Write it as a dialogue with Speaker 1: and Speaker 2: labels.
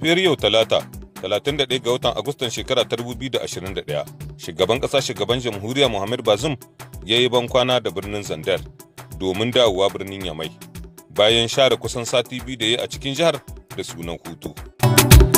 Speaker 1: safiyar yau talata 31 ga watan agustan shekara ta 2021 shugaban kasa shugaban jamhuriya muhammad bazum ya yi bankwana da birnin zandar domin dawowa birnin yamai bayan share kusan sati biyu da ya a cikin jihar da sunan hutu.